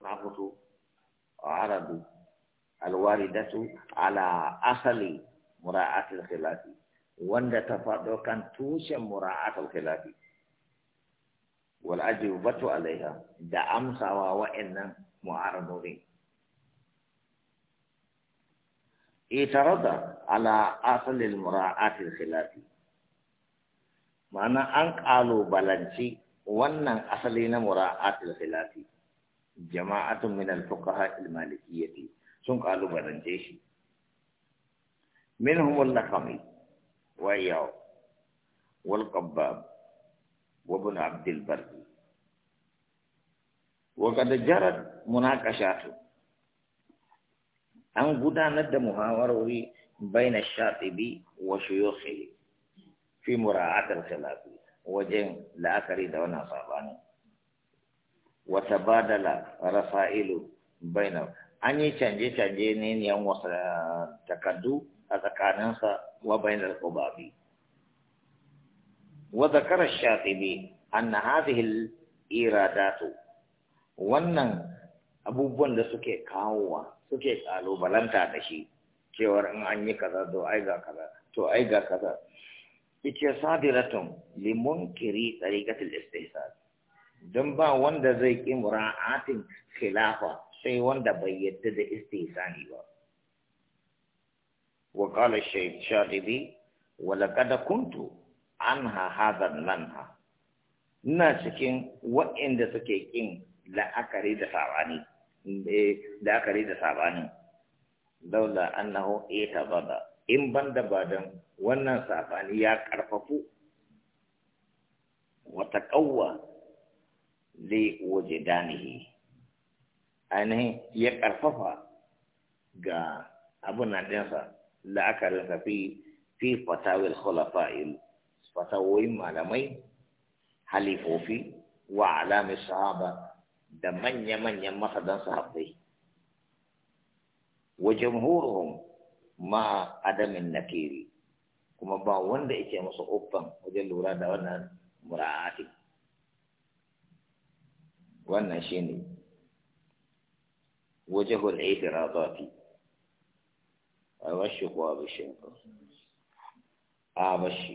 na fito aradu alwaridatu ala asali mura mura'atul khilafi wanda ta faɗo kan tushen mura'atul khilafi wal ajibatu alaiha da amsawa wa'annan mu'aradodin itarada ala asalin mura mura'atul filafi, ma'ana an ƙalo balanci wannan asali na mura mura'atul filafi. جماعة من الفقهاء المالكية سن قالوا برنجيش منهم النقمي وياو والقباب وابن عبد البر وقد جرت مناقشات أن ند محاورة بين الشاطبي وشيوخه في مراعاة الخلاف وجن لا دون صابانه wata badala rafa'ilu bainar an yi canje-canje ne yan wasu takardu a tsakaninsa wa bainar ƙubabi wa zakara shafibi anna hadhihi iradatu wannan abubuwan da suke kawowa suke kalubalanta da shi cewar in an yi kaza to ai ga kaza to ai ga kaza ita sadiratun limunkiri tsarikatul istihsad don ba wanda zai ƙi mura'atin khilafa sai wanda bai yadda da istihsani ba wa qala shaykh shadibi wa laqad kuntu anha hadha ha. ina cikin waɗanda suke ƙin la'akari da sabani eh, la'akari da sabani laula annahu bada in ban banda badan wannan sabani ya karfafu wa taqawwa li wujidanihi ainihin ya karfafa ga abin nan ɗinsa la'akarinsa fi fi fatawil khulafa'il fatawoyin malamai halifofi wa alamin sahaba da manya-manyan masadan sahabbai wajen jamhuruhum ma adamin na kuma ba wanda yake masa ofan wajen lura da wannan mura'atin wannan shi ne waje itirazati a bashi ko a bashi a bashi